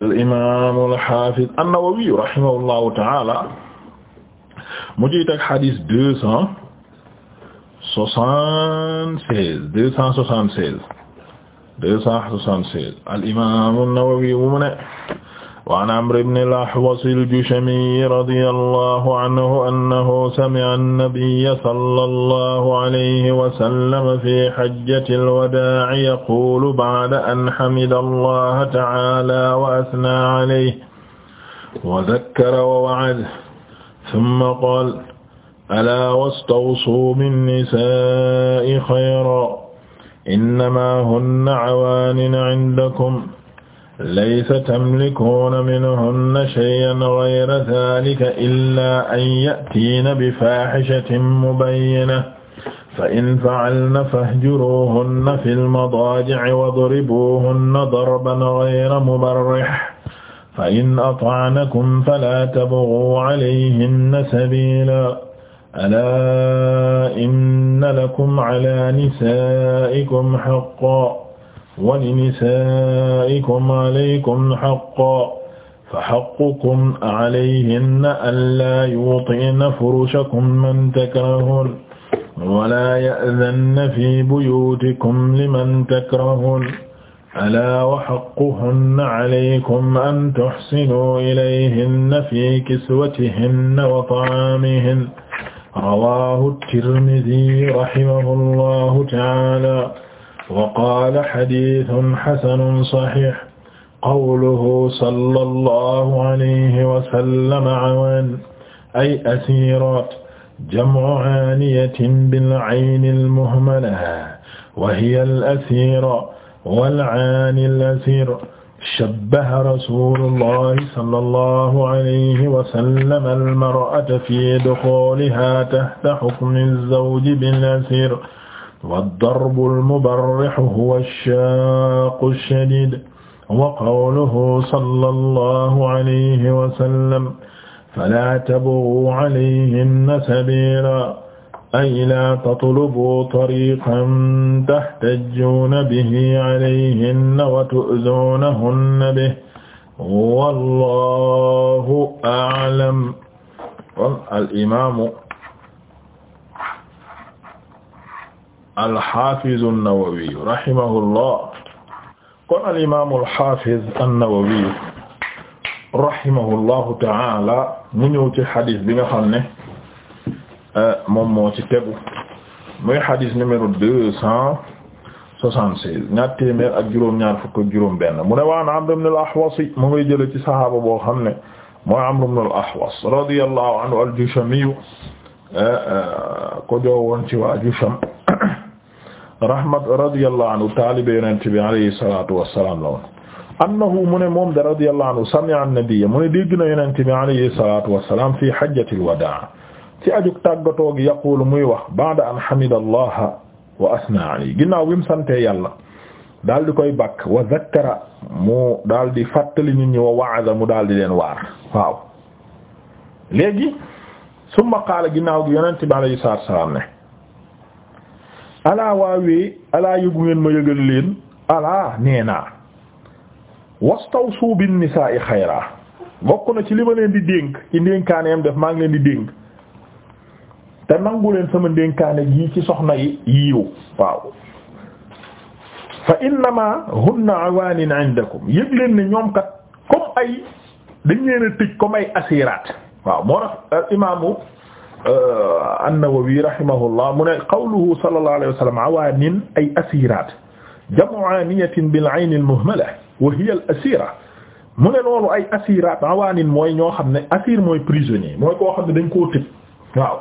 al-imaam al-haafiz an-Nawawi rahimahullahu ta'ala mu jiy teg xadis deux cent soixante-seize deux cent soixante-seize deux cent soixante-seize al-imaam an-Nawawi mu ne wa an amr ibn al-ahwas al-jushami radiyallahu anhu annahu sami'a an-nabiyya sallallahu alayhi wa sallam fi hajjati al-wadaa'i yaqulu ba'da an hamida allaha ta'ala wa athna alayhi wa dhakkara wa wa'ada thumma qaala alaa wastawsuu bin-nisaa'i khayran innamaa hunna 'awaani'u 'indakum laysa tamlikuuna minhunna shay'an ghayra dhaalika illaa an ya'tiina bifaahishatin mubayyinatin fa in fa'alna fahjuruuhunna fil madaaji'i wadribuuhunna darban ghayra mubarrih fa in ata'nakum falaa tabghuu 'alayhinna sabiilaa alaa inna lakum 'alaa nisaa'ikum haqqan ولنسائكم عليكم حقا فحقكم عليهن ألا يوطئن فرشكم من تكرهون ولا يأذن في بيوتكم لمن تكرهون ألا وحقهن عليكم أن تحسنوا إليهن في كسوتهن وطعامهن رواه الترمذي رحمه الله تعالى waqaala xadiisun xasanun saxiix qawluhu sallallahu alayhi wa sallam cawaan ay asiiraat jamcu caaniyatin bil cayni al-muhmala wa hiya al-asiira wal caani al-asiir shabbaha rasuulullahi sallallahu alayhi wa sallam al-mar'ata fi duxuulihaa taxta xukmi az-zawji bil-asiir والضرب المبرح هو الشاق الشديد وقوله صلى الله عليه وسلم فلا تبغوا عليهن سبيلا أي لا تطلبوا طريقا تحتجون به عليهن وتؤذونهن به والله أعلم قال الإمام alxafizu annawawiyu rahimahullah kon alimamu alxafiz annawawiyu rahimahullahu taala mu ñëw ci xadis bi nga xam ne euh, moom moo ci tegu muy xadis numéro deux cent soixante-seize ñaar téeméer ak juróom-ñaar fukk ak juróom benn mu ne waan Amr ibn al-Ahwas mu ngay jële ci sahaaba boo xam ne mooy Amr ibn al-Ahwas radiyallahu anhu al-Jushami euh, euh, ko joowoon ci waa Jusham rahmat radiyallahu anhu taalibe yonent bi alayhi salaatu wa salaam la woon annahu mu ne moom de radiyallahu anhu sami'a an-nabiyya mu ne dégg na yonent bi alayhi salaatu wa salaam fi hajjatil wadaa ci ajuk tàggatoo gi yaqulu muy wax ba'da an hamidallaha wa asna alayhi ginnaaw bi mu santee yàlla daal di koy bakk wa zakkara mu daal di fàttali nit ñi wa wa'aza mu daal di leen waar waaw léegi summa qaala ginnaaw gi yonent bi alayhi salaatu wa salaam ne alaa waawee alaa yëgu ngeen ma yëgal leen alaa nee naa wastawsu bin nisaa'i xayraa bokk na ci li ma leen di dénk ci ndénkaaneem def maa ngi leen di dénk te nangu leen sama ndénkaane gi ci soxna yi yiiw waaw fa innama hunna awaanin indakum yëg leen ne ñoom kat comme ay dañ leen a tëj comme ay asiraat waaw moo tax imaamu Euh, an-Nawawi rahimahullah mu ne qawluhu sallallahu alayhi wa sallam awaanin ay asiiraat jam'aaniyatin bil ayn al-muhmala wa hiya al-asiira mu ne loolu ay asiiraat awaanin mooy ñoo xam ne asiir mooy prisonnier mooy koo xam ne dañ koo tëj waaw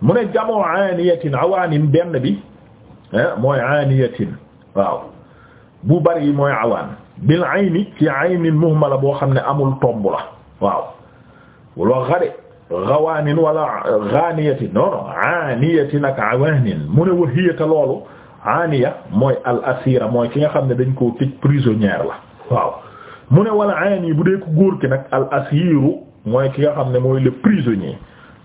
mu ne jam'aaniyatin awaanin benn bi mooy aaniyatin waaw bu bari mooy awaan bil ayn ci ayn al-muhmala boo xam ne amul tomb la waaw ghawaanin wala ghaaniyatin non non aaniyatin ak awaanin mu ne wa loolu aaniya mooy al asira mooy ki nga xam ne dañ koo tëj prisonnière la waaw mu ne wala aani bu dee ko góor ki nag al asiru mooy ki nga xam ne mooy le prisonnier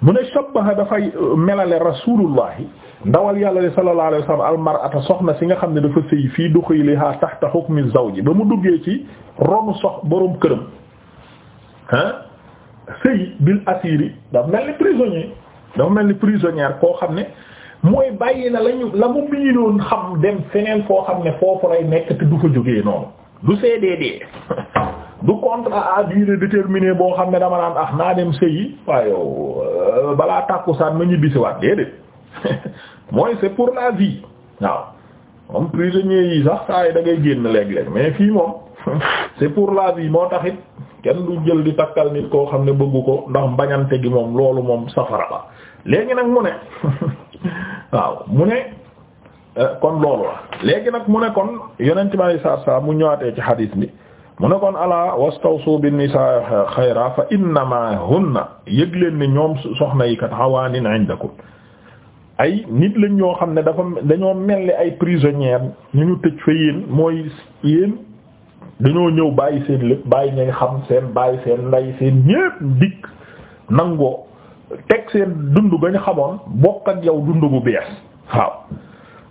mu ne shabbaha dafay euh, melale rasulullahi ndawal yàlla li sallallahu alayhi wasallam soxna si nga xam ne dafa sëy fii du duxuliha tahta hukmi zawji ba mu duggee ci ronu sox boroom këram ah sëy bil asiri dafa mel ni prisonnier dafa mel ni prisonnière koo xam ne mooy bàyyi na lañu la mu miinoon xam dem feneen foo xam ne foofu lay nekk te du fa jógee noonu du CDD du contrat à durée déterminée boo xam ne dama naan ah naa dem sëyi waaye yow euh, balaa tàkkusaan ma ñibbisiwaat déedéet mooy c'est pour la vie waaw moom prisonnier yi sax saa yi da ngay génn léeg-léeg mais fii moom c'est pour la vie moo taxit kenn du jël di takkal nit koo xam ne bëggu ko ndax mbañante gi moom loolu moom safara la léegi nag mu ne waaw mu ne eh, kon loolu la léegi nag mu ne kon yonent bi saa saa mu ñëwaatee ci xadiis bi mu ne kon alaa wastawsu bin nisaa xayra fa innama hunna yëg leen ñoom soxna yi kat hawaanin indakum ay nit lañ ñoo xam ne dafa dañoo mel ni ay prisonnières ñu ñu tëj fa yéen mooy yéen. dañoo ñëw bàyyi seen lépp bàyyi ñay xam seen bàyyi seen nday seen ñépp dikk nangoo teg seen dund gañ xamoon bokk ak yow dund bu bees waaw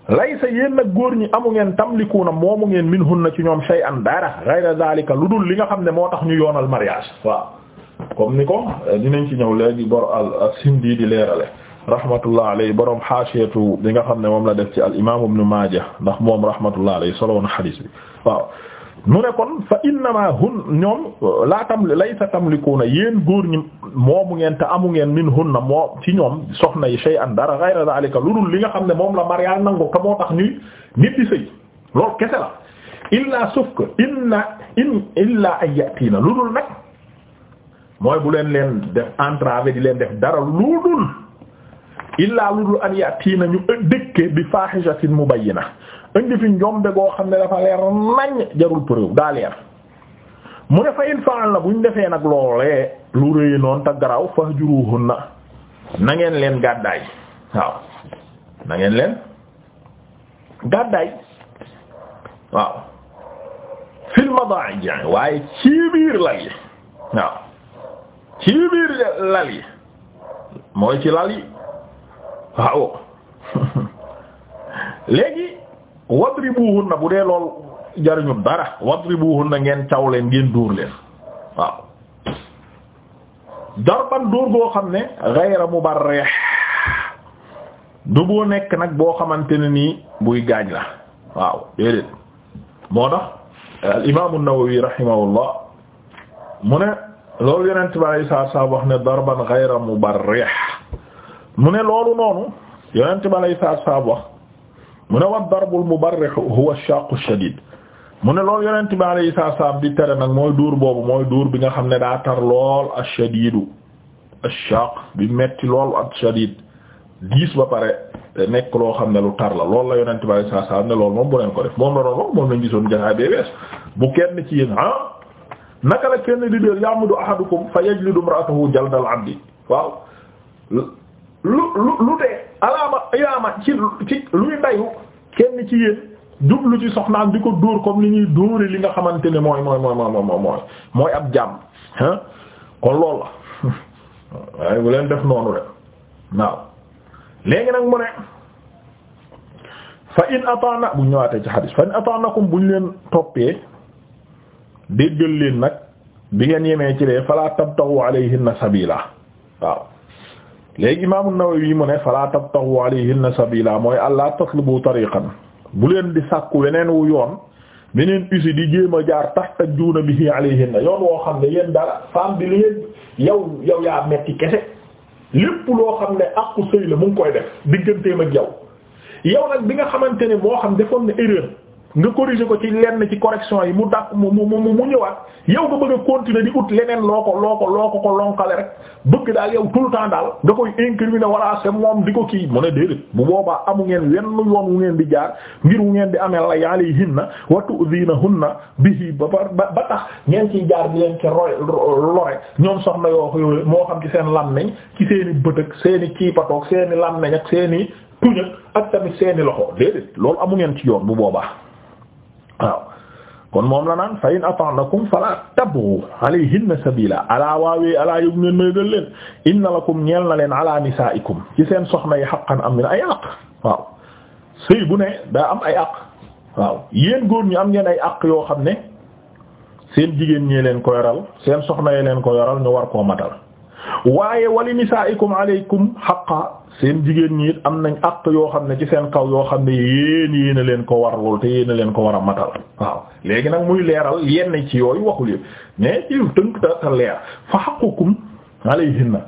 lay sa yéen góor ñi amu ngeen tamlikuuna moomu ngeen min hun na ci ñoom shay'an dara ghayra zalika lu dul li nga xam ne moo tax ñu yoonal mariage waaw comme ni ko dinañ ci ñëw léegi bor al sindi di leerale rahmatullah alayhi borom xaasiyatu li nga xam ne moom la def ci al imam ibn Majah ndax moom rahmatullah alayhi solo woon xadiis mu ne kon fa innama hun ñoom laa tam laysa tamlikuuna yéen góor moomu ngeen te amu ngeen min hunna moo ci ñoom soxna yi shay'an dara ghayra zalika lu dul li nga xam ne moom la mariage nangu te moo tax ñuy nit di sëy loolu kese la illaa sauf inna in illaa ay yatiina lu dul nag mooy bu leen leen def entravé di leen def dara lu dul illaa lu dul an yatiina ñu dëkke bi faahishatin mubayyina indi fi njombe goo xam ne dafa leer nañ jarul preuve daa leer mu ne fa in faal na buñ defee nag loolee lu rëy noonu te garaaw fahjuruhunna na ngeen leen gàddaay waaw na leen gàddaay waaw fil madaaji waaye ci biir lal yi waaw ci biir lal yi mooy ci lal yi waaw léegi na bu dee lool jariñu dara wadribuhunna ngeen caw leen ngeen dóor leen waaw darban dóor boo xam ne ghayra mubarrih du boo nekk nag boo xamante ne nii buy gaañ la waaw déedéet moo tax al imaamu Nawawi rahimahullah mu ne loolu yonent bi alayhi salaatu salaam wax ne darban ghayra mubarrih mu ne loolu noonu yonent bi alayhi salaatu wax mu ne wa darbul mubarrih huwa ash-shaqqu ash-shadid mu ne loolu yonent bi alayhi salaam di tere nag mooy duur boobu mooy duur bi nga xam ne daa tar lool ash-shadidu ash-shaq bi metti lool ash-shadid diis ba pare te nekk loo xam ne lu tar la loolu la yonent bi alayhi salaam ne loolu moom bu leen ko def moom la doon wax moom lañ gisoon jaxaay bee wees bu kenn ci yéen ah naka la kenn di deel ya'mudu ahadukum fa yajlidu imra'atahu jaldal abdi waaw lu dee alaama ilaama ci ci luy dayu kenn ci yéen jublu ci soxnaam di ko dóor comme li ñuy dóore li nga xamante ne mooy mooy mooy mooy mooy mooy ab jàmm ah kon loolu la waaye bu leen def noonu de waaw léegi nag mu ne fa in ataana bu ñëwaatee ci xadis fa in ataanakum bu ñu leen toppee déggal leen nag bi ngeen yemee ci lee fala tabtahu alayhinna sabila waaw léegi imaam an-Nawawi mu ne fala tabtahu alayhinna sabila mooy allah tatlubu tariqan bu leen di sàkku weneen wu yoon beneen usi di jéem a jaar tahtajuna bihi alayhinna yoon woo xam ne yéen dara femme bi li yow yow yaa metti kese lépp loo xam ne àqu sëy la mu koy def diggantee ak yow yow nag bi nga xamante ne moo xam defoon ne erreur nga corriger ko ci lenn ci correction yi mu dàq mu mu mu mu ñëwaat yow nga bëgg a continuer di ut leneen loo ko loo ko loo ko ko lonkale rek bëgg daal yow tout le temps daal nga koy na walla c'est moom di ko kii mu ne déedéet bu boobaa amu ngeen wenn yoon wu ngeen di jaar ngir wu ngeen di amee la yaalihinna na bi bihi ba ba ba tax ngeen ci jaar di leen ci roy lore ñoom soxna yoo yooyu moo xam ci seen làmmiñ ci seeni bët ak seeni kiipatoog seeni ak seeni tuñ ak seeni loxo amu ngeen ci yoon bu boobaa waaw kon moom la naan fa in ata'nakum fala tabghu alayhinna sabila alaa waawee alaa yóg neen maygal leen inna lakum ñeel na leen ala nisaikum ci seen soxna yi haqqan am na ay àq waaw sëy bu ne daa am ay àq waaw yéen góor ñi am ngeen ay àq yoo xam ne seen jigéen ñee leen ko yoral seen soxna yi leen ko yoral ñu war koo matal waaye wali nisaikum alaykum haqqan seen jigéen ñi am nañ àq yoo xam ne ci seen kaw yoo xam ne yéen yéen a leen ko war lool te yéen a leen ko war a matal waaw léegi nag muy leeral yenn ci yooyu waxul yëpp mais ci tënk ta ta leer fa haqqukum alayhinna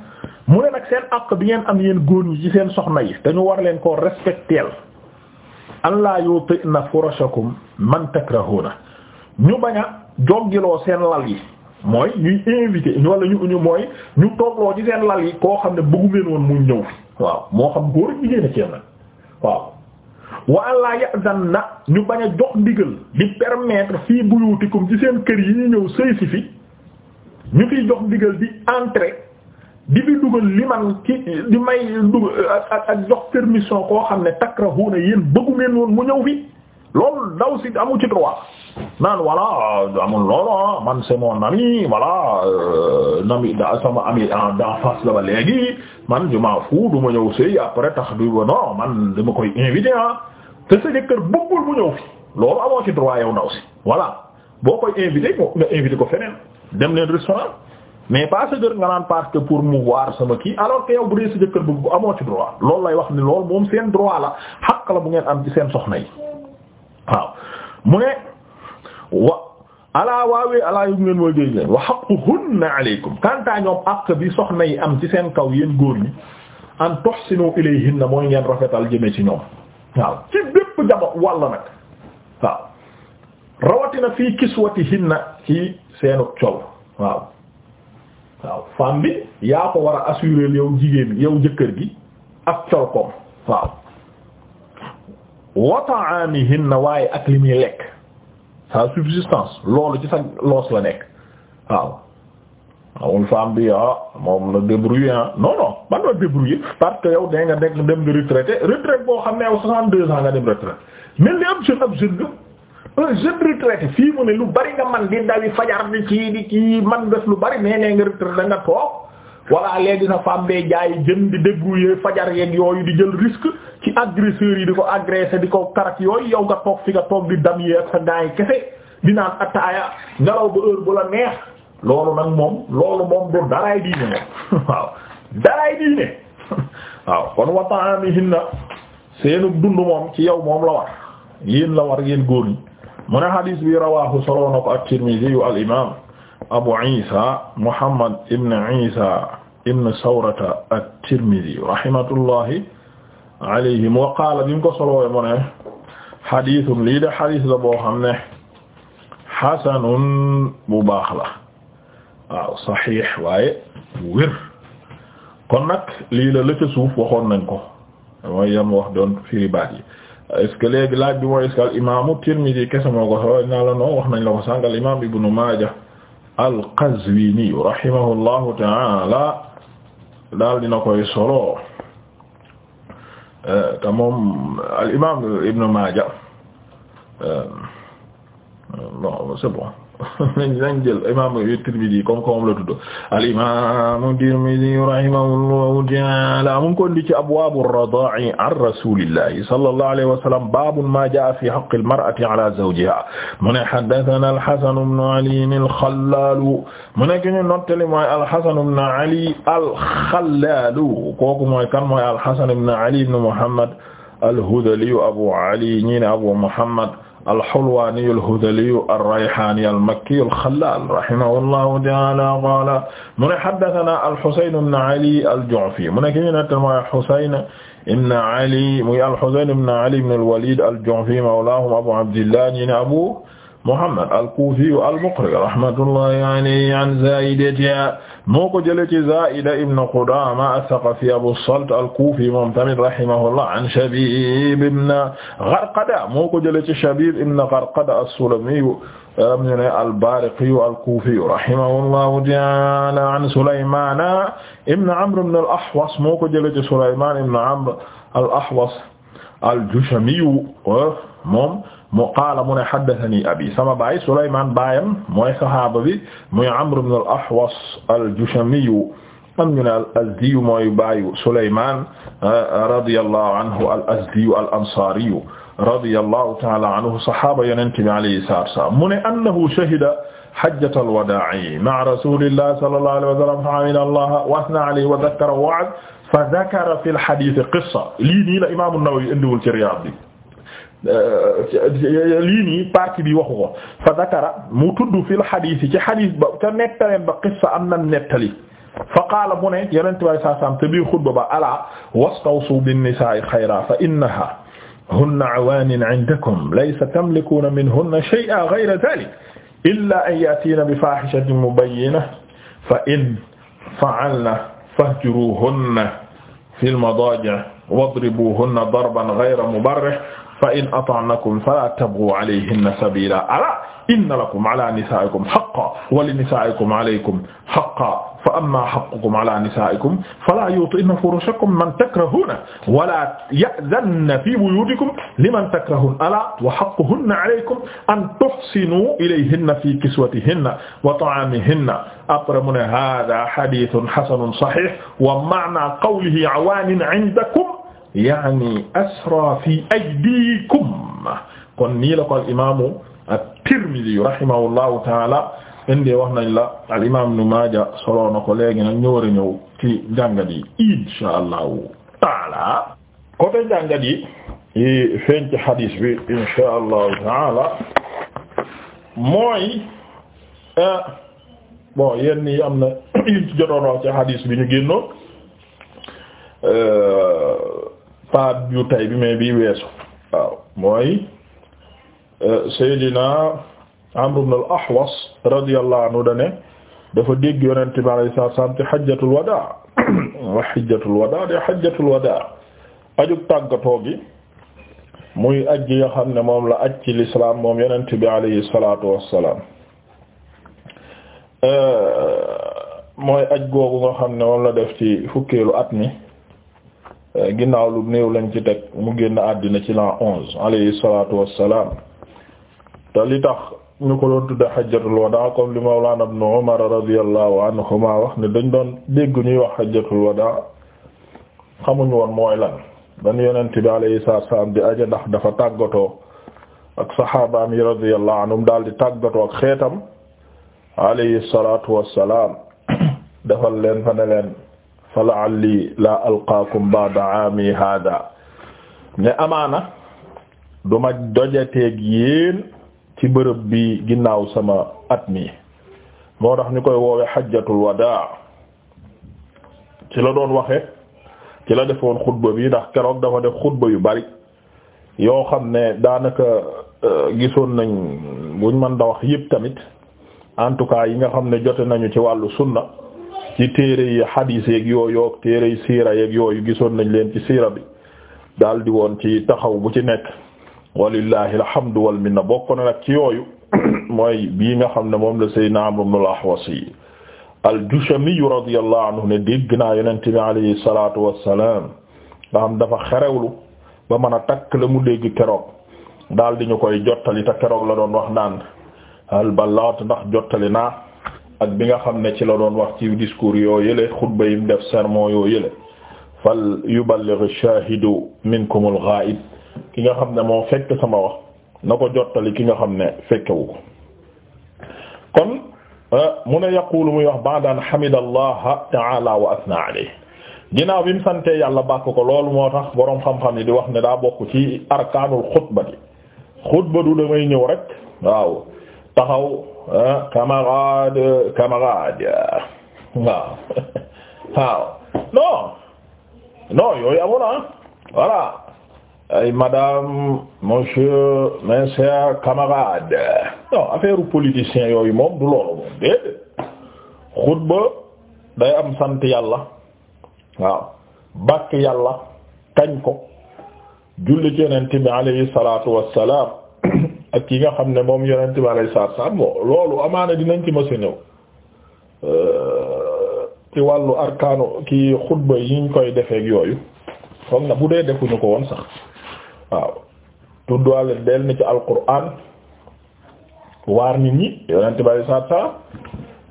mu ne nag seen àq bi ngeen am yéen góor ñi ci seen soxna yi dañu war leen koo respecteel an la yutina furashakum man takrahuna ñu bañ a joggiloo seen lal yi mooy ñuy invité wala ñu ñu mooy ñu toogloo ci seen lal yi koo xam ne bëggu ngeen woon mu ñëw fi waaw moo xam góor ak jigéen a ceeb nag waaw walla ya'zan na ñu bañ a jox ndigal di permettre fii buyutikum ci seen kër yi ñu ñëw sëy si fi ñu fiy jox ndigal di entrer di bi li liman ki di may dugal ak ak jox permission koo xam ne takrahuna yéen bëggu ngeen woon mu ñëw fi loolu ndaw si amu ci droit naan voilà amul loolo ah, man c'est mon ami voilà euh, nami da sama ami d'en face la ba léegi man je m'en du ma ñëw sëy après tax du ba non man dama koy invité ah te sa jëkkër bëggul mu ñëw fi loolu amoo ci droit yow ndaw si voilà boo koy invité ko nga invité ko feneen dem leen restaurant mais pas sa jër nga naan parce que pour mu voir sama kii alors que yow bu dee sa jëkkër bëgg amoo ci droit loolu lay wax ni loolu moom seen droit la xaq la bu ngeen am seen soxna wa alaa waawee alaa yum leen mooy géej wa haqquhunna alaykum kantaa ñoom àq bi soxna yi am ci seen kaw góor ñi an tuhsinu ilayhinna mooy ngeen rafetal jëme ci ñoom waaw ci bépp jamo walla nag waaw rawatina fii kiswatihinna ci seenu col waaw waaw femme bi yaa ko war yow jigéen yow jëkkër gi ak col koom wa ta'amihinna waaye ak li muy sa subsistance loolu ci sa loos la nekk waaw awul femme bi ah moom na débrouiller ah non non man na débrouiller parce que yow da nga nekk dem di retraité retraite boo xam ne yow soixante-deux ans nga dem retraite mel ni ab jeune nga jeune retraité fii mu ne lu bari nga man di dawi fajar di kii di kii man def lu bari mais nee nga retraité da toog walla léegi na femme bee jaay jëm di déglu fajar yeeg yooyu di jël risque ci agresseurs yi di ko agresser di ko karak yooyu yow nga toog fi nga toog di dam yee ak sa gaay kese di naan attaaya ngelaw ba heure bu la neex loolu nag moom loolu moom du daraay diine moom waaw daraay diine waaw kon wa ta'amihinna seenu dund moom ci yow moom la war yéen la war yéen góor ñi mu ne hadis bi rawahu solo ko at-Tirmidhi al imam Abu Isa Muhammad ibn Isa ibn Sawrata at-Tirmidhi rahimatullahi alayhim wa qaala bi mu ko solowee mu ne xadiisun lii de xadiis la boo xam ne xasanun bu baax la waaw saxiix waaye wér kon nag lii la lëkk suuf waxoon nañ ko mooy yam wax doon firi baat yi est-ce que léegi laaj bi mooy est-ce que al imaamu Tirmidhi kese moo ko solo naa la noo wax nañ la ko sànq al imaam Ibnu Maaja al-Qazwini rahimahullahu ta'ala daal dina koy solo eh, te moom al-imam Ibn Maaja bon eh, c'est bon. nañ nañ jël imam Tirmidhi comme comme la tudd al imam Tirmidhi rahimahullahu ta'ala mu ngi ko indi ci abwaabu ar-radaa'i an rasuulillahi sallallahu alayhi wa sallam baabu maa jaa'a fi haqqi al-mar'ati ala zawjiha mu ne haddathanaa al-Hasan ibn Ali al-Khallaal mu ne ki ñu nottali mooy al-Hasan ibn Ali al-Khallaal kooku mooy kan mooy al-Hasan ibn Ali ibn Muhammad al-Hudhali Abu Ali ñi ne Abu Muhammad alxulwaaniyu alhudaliyu alrayhaaniyu almakkiyu alxallaal rahimahullahu ta'aala qaala mu ne haddasanaa alxusayn ibn ali alju'fi mu ne ki ñu naan mooy alxusayn ibn ali muy alxusayn ibn ali ibn alwaliid alju'fi mawlaahum abu abdillah ñu ne abu Muhammad al-Kufi al-Muqri rahmatullahi alayhi an Zaidata moo ko jëlee ci Zaida ibn Qudama as-Saqafi Abu Salt al-Kufi moom tamit rahimahullah an Shabib ibn Gharqada moo ko jëlee ci Shabib ibn Gharqada as-Sulami am ñu ne al-Bariqi al-Kufi rahimahullahu ta'ala an Sulayman ibn Amr ibn al-Ahwas moo ko jëlee ci Sulayman ibn Amr al-Ahwas al-Jushami moom mu qaala mu ne haddathani abi sama baay Sulaymaan baayam mooy saxaaba bi muy Amr ibn al-Ahwas al-Jushami am ñu ne al-Azdi mooy baayu Sulaymaan ah, radiyallahu anhu al-Azdi al-Ansaari radiyallahu ta'ala anhu saxaaba Yonent bi alayhi salaatu wa salaam mu ne annahu shahida hajjata al-wadaa'i ma'a rasuulillahi sallallahu alayhi wa sallam hamida Allaha wa athna alayhi wa dhakkara wa wa'ada fa dhakara fil hadiith qissa lii nii la Imaam an-Nawawi indiwul ci Riyaad bi Euh, lii nii partie bi waxu ko fa zakara mu tudd fil xadiis yi ci xadiis ba ca nettaleen ba qissa am na nettali fa qaala mu ne yonent bi saa saam te bii xutba ba alaa wastawsu binnisaa'i xayra fa innahaa hunna awaanin indakum laysa tamlikuuna minhunna shay'an xayra zaalika illaa an ya'tiina bifaahishatin mubayyinatin fa in fa'alna fahjuruhunna fil madaaji' wadribuhunna darban ghayra mubarrih fa in ata'nakum fala tabghu alayhinna sabila ala inna lakum ala nisaikum haqqan wa li nisaikum alaykum haqqan fa amma haqqukum ala nisaikum fala yuti'na furushakum man takrahuna wala ya'zanna fi buyutikum liman takrahuna ala wa haqquhunna alaykum an tuhsinu ilayhinna fi kiswatihinna wa ta'amihinna après mu ne hada hadithun hasanun sahih wa ma'na qawlihi awanin 'indakum yaani asra fi aydikum kon nii la ko al imaamu at-Tirmidhi rahimahullahu taala indi wax nañ la al imaam Ibn Maaja solo na ko léegi nag ñu war a ñëw ci njàngat yi insha allahu taala côté njàngat yi yi feeñ ci bi insha mooy eh, bon yenn yi am na yuñ ci jotoon bi ñu génnoon eh, pas yu tay bi mais bi weesu waaw mooy euh, Seydina Amr ibn al-Ahwas radiyallahu anhu dane dafa dégg yonent bi alayhi salaam ci hajjatul wadaa wa hajjatul wadaa de hajjatul wadaa ajug tàggatoo gi muy aj gi nga xam ne moom la aj ci lislaam moom yonent bi alayhi salaatu wassalaam euh, mooy aj googu nga xam ne moom la def ci fukkeelu at mi ginnaaw lu néew lañ ci teg mu génn àddina ci l'an onze alayhi salaatu wassalaam te li tax ñu ko doon tudde xajjatul wadaa comme li mawlana ibn umar radiyallahu anhuma wax ne dañ doon dégg ñuy wax xajjatul wadaa xamuñ woon mooy lan ban yonent bi alayhi salaatu wassalaam di aja ndax dafa tàggatoo ak saxaabaam yi anhum daal di tàggatoo ak xeetam alayhi salaatu wassalaam defal leen fa ne leen fa la'alli la alqaakum ba'da aami hada ne amaana duma dojateeg yéen ci bërëb bi ginnaaw sama at mi moo tax ñu koy woowe xajjatul wadaa ci la doon waxe ci la defoon xutba bi ndax keroog dafa def xutba yu bari yoo xam ne daanaka euh, gisoon nañ buñ mën da wax yëpp tamit en tout yi nga xam ne jote nañu ci wàllu sunna ci téere yi xadiis yeeg yooyu yoog téere yi siira yeeg yooyu gisoon nañ leen ci siira bi daal woon ci taxaw bu ci nekk walillahi alhamdu wal minna bokk na nag ci yooyu mooy bii nga xam ne moom la sayyidina Amr ibn al-Ahwas al-Jushami radiyallahu anhu ne dégg naa yonent bi alayhi salaatu wassalaam nga xam dafa xerewlu ba mën a takk la mu dégg keroog daal ñu koy jottali te keroog la doon wax naan al balaat ndax jottali naa ak bi nga xam ne ci la doon wax ci discours yoo yële xutba yim def sermon yoo yële fal yuballigh ash-shahidu minkum al-ghaib ki nga xam ne moo fekk sama wax na ko jottali ki nga xam ne fekkewu ko kon euh, mu ne yaqulu muy wax ba'dan hamida allah ta'ala wa athna alayhi ginnaaw bi mu sante yàlla bàkk ko loolu moo tax boroom xam-xam ni di wax ne daa bokk ci arkaanul xutba di xutba du damay ñëw rek waaw taxaw camarade ah, camarade waaw waaw non non yooyu amoon ah voilà ay madame monsieur mes chers camarades non affaire politicien yooyu moom du loolu moom déedéet xutba day am sant yàlla waaw bàkk yàlla kañ ko julli ci yonent bi alayhi salaatu wassalaam ak ki nga xam ne moom yonent bi alayhi salaatu salaam bon loolu amaana dinañ ci ma a ñëw euh, ci wàllu arkaanu ki xutba yi ñu koy defeek yooyu foog na bu dee defuñu ko woon sax waaw tuddaale del ni ci alquran waar nit ñi yonent bi alayhi salaatu salaam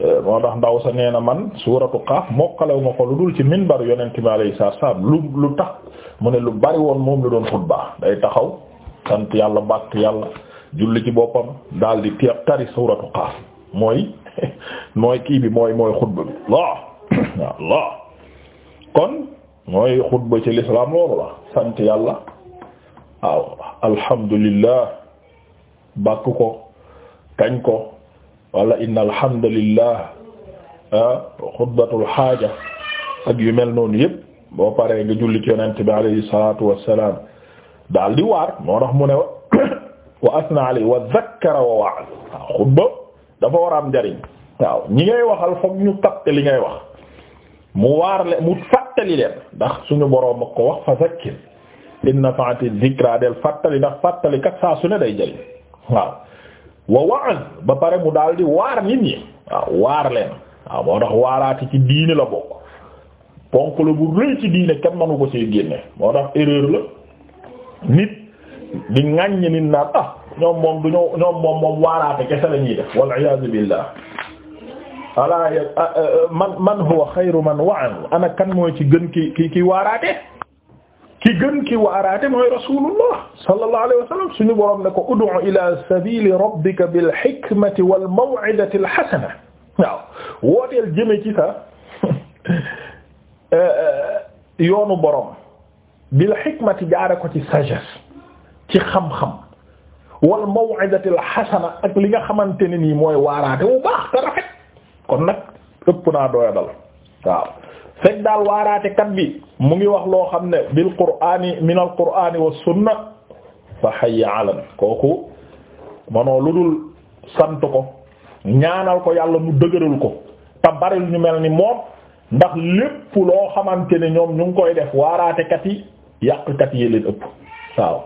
euh, moo tax ndaw sa nee na man suuratu Qaaf mokkalew ma ko lu dul ci minbar yonent bi alayhi salaatu salaam lu lu tax mu ne lu bari woon moom lu doon xutba day taxaw sant yàlla bàkk yàlla julli ci boppam daal di teew tari suuratu qaaf mooy mooy kii bi mooy mooy xutba bi laa laa kon mooy xutba ci lislaam loolu la sant yàlla waaw alhamdulillah bàkk ko kañ ko wala inna alhamdulillah ah, xutbatul xaaja ak yu mel noonu yëpp boo paree nga julli ci yonent bi alayhi moo tax ne waa asna alayhi wa zakkara wa wa'ad xutba dafa war njariñ waaw ñi ngay waxal foog ñu capte li ngay wax mu waar leen mu fàttali leen ndax suñu boroom ak ko wax fa zakkir in nafa'ati dhikra del fàttali ndax fàttali kat saa su ne day jëriñ waaw wa wa'ad ba pare mu daal di waar nit ñi waaw waar leen waaw moo tax waaraati ci diini la bokk ponk la bu rëy ci diine kenn mënu ko ci génne moo tax erreur la nit di ŋàññ nit naan ah ñoom moom du wal iyaazu billah eh, eh, man man huwa man wa'an ana kan mooy ci gën ki ki ki waaraate ki gën ki waaraate mooy rasulullah sallallahu alayhi wa sallam suñu borom ne ko ud'u ila sabili rabbika bil hikmati wal maw'idati al hasana waaw wooteel jëme eh, yoonu borom bil hikmati jaare ko ci ci xam-xam wal maw'idatil hasana ak li nga xamante ne nii mooy waaraate bu baax te rafet kon nag ëpp naa doya waaw fekk daal waaraate kat bi mu ngi wax loo xam ne bil qur'ani min al qur'ani was sunna fa hayya ala kooku manoo lu dul sant ko ñaanal ko yàlla mu dëgëral ko te baril ñu mel ni moom ndax lépp loo xamante ne ñoom ñu ngi koy def waaraatekat yi yàqkat yi leen ëpp waaw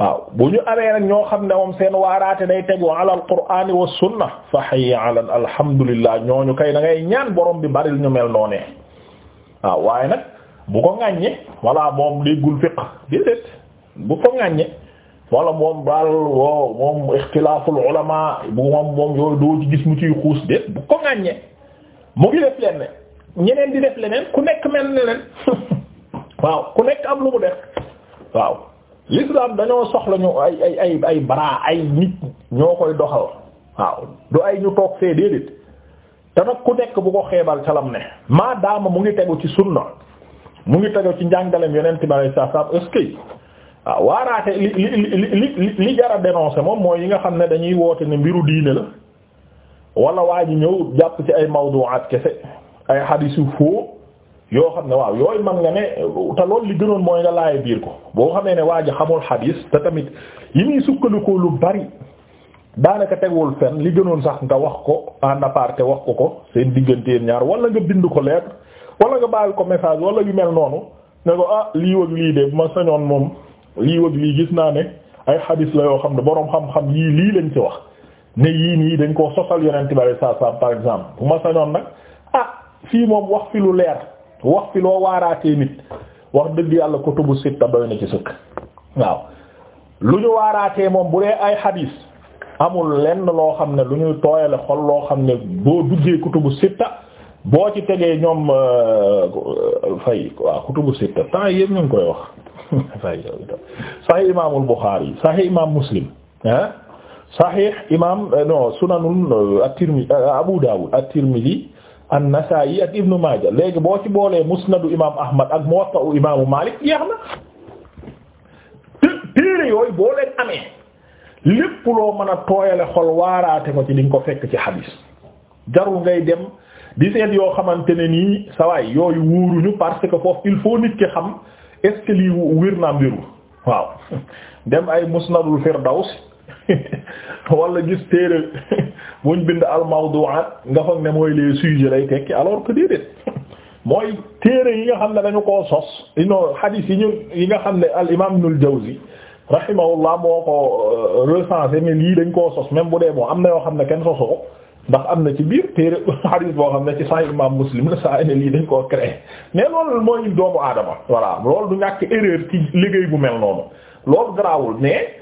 waaw bu ñu amee nag ñoo xam ne moom seen waaraate day tegu ala alqur'ani wa sunna fa hayya ala alhamdulillah ñooñu kay da ngay ñaan borom bi baril ñu mel noonee waaw waaye nag bu ko ŋàññe walla moom déggul bu ko daal o moom ixtilaaful ulama bu moom moom yooyu doo ci gis mu ciy xuus déet bu ko ŋàññe mu ngi def leen ne ñeneen di def leneen ku nekk mel ne leen waaw ku nekk am lu mu def waaw l'islam dañoo soxla ñu ay ay ay ay ay nit ñoo koy doxal waaw du ay ñu toog fee déedéet te nag ku nekk bu ko xeebal calam ne maa daama mu ngi tegu ci sunna mu ngi tegu ci njàngalem yeneen bi alayhi salaam est-ce que waaw waaraate li li li li li jara dénoncer moom mooy yi nga xam ne dañuy woote ni mbiru diine la wala waa ji ñëw jàpp ci ay mawdu'aat kese ay hadith yu faux yoo xam ne waaw yooyu man nga ne te loolu li gënoon mooy nga laaya biir ko boo xamee ne waa ji xamul xadiis te tamit yi muy sukkandikoo lu bari daanaka tegwul fenn li gënoon sax nga wax ko en aparté wax ko ko seen digganteen ñaar wala nga bind ko lettre wala nga bàyyi ko message wala yu mel noonu ne ko ah lii wag lii de ma sañoon moom lii wag lii gis naa ne ay xadiis la yoo xam ne boroom xam-xam lii lañ ci wax ne yii nii dañ ko sosal yonent bi sallallahu alayhi bu ma sañoon nag ah fii moom wax fi lu leer wax fi loo waaraatee nit wax dëgg yàlla kutubu sitta doy na ci sëkk waaw lu ñu waaraatee moom bu dee ay xadiis amul lenn loo xam ne lu ñu tooyale xol loo xam ne boo duggee kutubu sitta boo ci tegee ñoom euh, euh, fay waaw kutubu sitta temps yëpp ñu ngi koy wax fay sahih imaamul Bukhari sahih imaam Muslim ah sahih imaam euh, non sunanul at-Tirmidhi Abu Dawud at an-Nasaa'i ak Ibn Maaja léegi boo ci boolee musnadu imaamu Ahmad ak muwatta'u imaamu Maalik yeex na te téere yooyu boo leen amee lépp loo mën a tooyale xol waaraate ko ci di ko fekk ci xadiis jarul ngay dem di seet yoo xamante ne nii sawaay yooyu wóoruñu parce que foofu il faut nit ki xam est-ce que lii wér naam wérul waaw dem ay musnadul Firdaws wala gis téere buñ bind al mawdu'at nga foog ne mooy les sujets lay tekki alors que déedéet mooy téere yi nga xam ne dañu koo sos ino hadith yi ñu yi nga xam ne al imam Ibnul Jawzi rahimahullah moo ko euh, recensé ne lii dañ koo sos même bu dee bon am na yoo xam ne kenn sosoo ndax am na ci biir téere hadith boo xam ne ci Sahih imam Muslim la saa ne lii dañ koo créé mais loolu mooy doomu aadama voilà lool du ñàkk erreur ci liggéey bu mel noonu loolu garaawul mais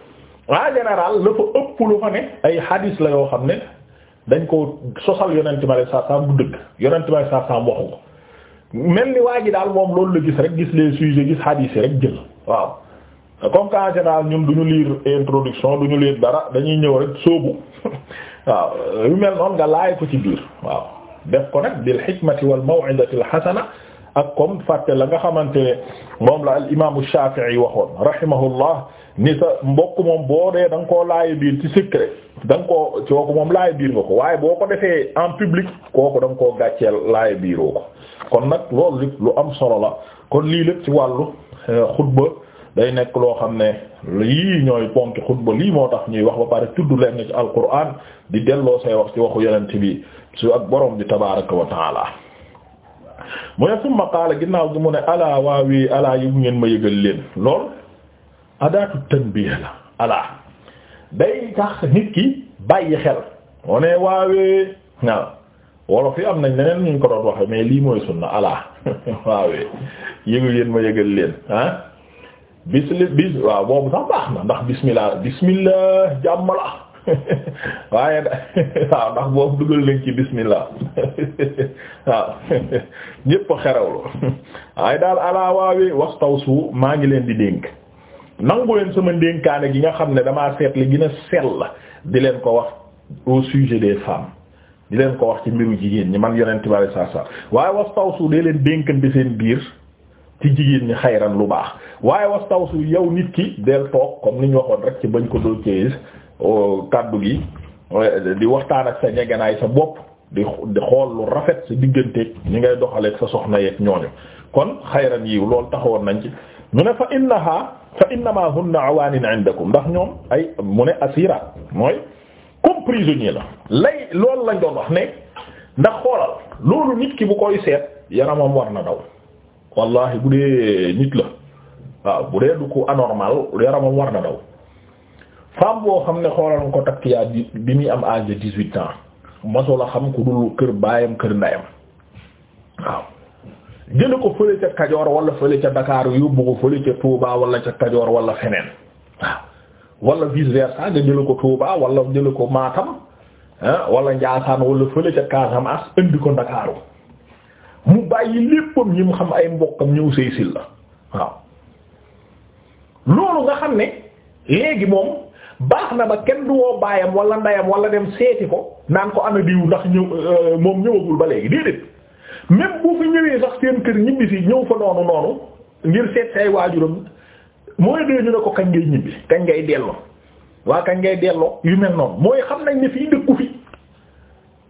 en général la fa ëpp lu fa ne ay hadith la yoo xam ne dañ ko sosal yonent ma saa sarsam bu dëgg yonent ma lay sarsam waxu ko mel ni waa ji daal moom loolu la gis rek gis les sujets gis hadith yi rek jël waaw comme que en général ñun du ñu lire introduction du ñu lire dara dañuy ñëw rek sóobu waaw yu mel noonu nga laay ko ci biir waaw def ko nag bil hikmati wal maw'izati al hasana ak comme fàtte la nga xamante ne moom la al imaamu Shaafi'i waxoon rahimahullah ni sa mbokk moom boo dee da nga koo laaj biir ci secret da nga koo cooku moom laaj biir nga ko waaye boo ko defee en public kooku da nga koo gàcceel laaj biiroo ko kon nag loolu lu am solo la kon lii lépp ci wàllu euh, xutba day nekk loo xam ne lii ñooy ponki xutba lii moo tax ñuy wax ba pare tudd leen na ci alquran di delloo say wax ci waxu yonent bi su ak borom di tabaaraka wa mu ne summa qaala ginnaaw gi mu ne alaa waawee alaa yu ngeen ma yëgal leen lool adaatu tanbiih la alaa day tax nit ki bàyyi xel mu ne waawee waaw wolof yi am nañ leneen ñu ko doon waxe mais lii mooy sunna alaa waawee yëgu yéen ma yëgal leen ah bis bis waaw boobu sax bismillah bismillah jàmm la waaye waaw ndax boobu dugal nañ ci bismillah waaw ñépp a xerewlu waaye daal alaa waawi wastawsu maa ngi leen di dénk nangu leen sama ndénkaane gi nga xam ne damaa seet li gën a sell di leen ko wax au sujet des femmes di leen ko wax ci mbiru jigéen ñi man yonent bi sallallahu alayhi wasallam taw wastawsu dee leen dénkante seen biir ci jigéen ñi xayran lu baax waaye wastawsu yow nit ki del toog comme ni waxoon rek ci bañ ko doo case kàddu gi di waxtaan ak sa ñeganaay sa bopp di xool lu rafet sa digganteeg ñi ngay doxaleeg sa soxna yeeg ñooñu kon xayran yiw loolu taxawoon nañ ci mu ne fa innaha fa innama hunna awaanin indakum ndax ñoom ay mu ne asira mooy comme prisonnier la lay loolu lañ doon wax ne ndax xoolal loolu nit ki bu koy seet yaramam war na daw wallahi bu dee nit la waaw bu dee du ko anormal yaramam war na daw femme boo xam ne xoolal nga ko takk yaa bi bi muy am âge de dix-huit ans masola xam ku dul kër baayam kër ndayam waaw jënd ko fële ca Kajoor wala fële ca Dakar yóbbu ko fële ca Touba wala ca Kajoor wala feneen waaw wala vice versa nga jël wala jël ah, wala Njaasaan wala fële ca Casamance indi ko Ndakaaru mu bàyyi léppam ñi mu xam ay mbokkam ñëw sëy sil la waaw loolu nga xam ne léegi moom. baax na ba kenn du woo baayam wala ndayam wala dem seeti ko naan ko am ana diw ndax ñëw euh, moom ñëwagul ba léegi déedéet même bu fi ñëwee sax seen kër ñibbi si ñëw fa noonu noonu ngir seet waa waajuram mooy dee ñu ne ko kañ ngay ñibbi ngay delloo waa kañ ngay delloo yu mel noonu mooy xam nañ ne fii dëkku fi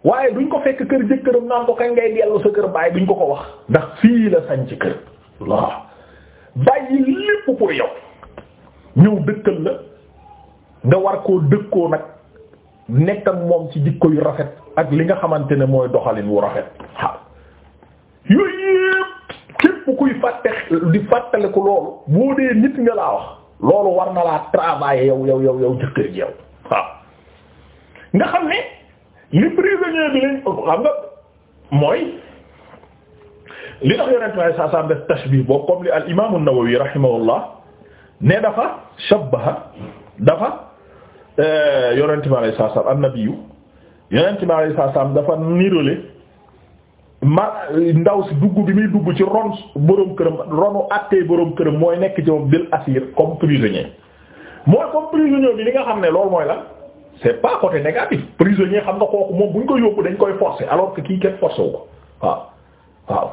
waaye duñ ko fekk kër jëkkëram naan ko kañ ngay delloo sa kër baay duñ ko ko wax ndax fii la sañ ci kër waaw bàyyi lépp pour yow ñëw dëkkal la nga war koo dëkkoo nag nekk moom ci jikko yu rafet ak li nga xamante ne mooy doxalin wu rafet waaw yooyu képp kuy fàtte di fàttale ko loolu boo dee nit nga laa wax loolu war na laa travailler yow yow yow yow jëkkër ji yow waaw nga xam ne li prisonnier bi mooy li tax yonent bi saa saa def tashbih comme li al imaamu Nawawi rahimahullah ne dafa shabbaha dafa Eh, yonent bi am na annabiyu yonent bi alayhi salaam dafa nirole ma ndaw si dugg bi muy dugg ci ron boroom këram ronu àttee boroom këram mooy nekk ci moom bil asir comme prisonnier mooy comme prisonnier bi li nga xam ne lool mooy la c'est pas côté négatif prisonnier xam nga kooku moom bu ñu ko yóbbu dañ koy forcer alors que kii kenn forcer ko waaw waaw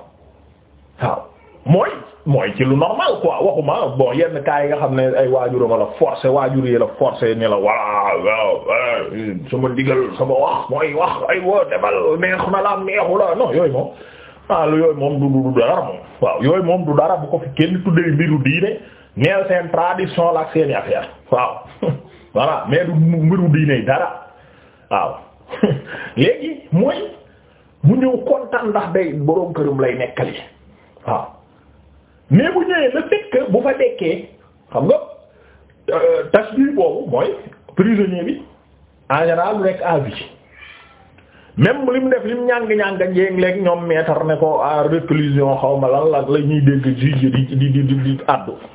waaw mooy mooy ci lu normal quoi waxuma bon yenn cas yi nga xam ne ay waajurama la forcé waajur yi la forcé ni la waaw waaw sama ndigal sama wax mooy wax ay wa defal neexu na la neexu la non yooyu moom ah lu yooyu moom du dara moom waaw yooyu moom du dara bu ko fi kenn tuddee mbiru diine neel seen tradition la ak seeni affaire waaw voilà mais du mbiru diine dara waaw léegi mooy mu ñëw kontaan ndax day boroom këram lay nekkal yi waaw mais bu ñëwee le fait bu fa dekkee xam nga tasbih boobu mooy prisonnier bi en général rek à vie même li mu def li mu ñàng-ñàng jéeg léeg ñoom maître ne ko à réclusion xaw ma lan la la ñuy dégg juge di di di di addu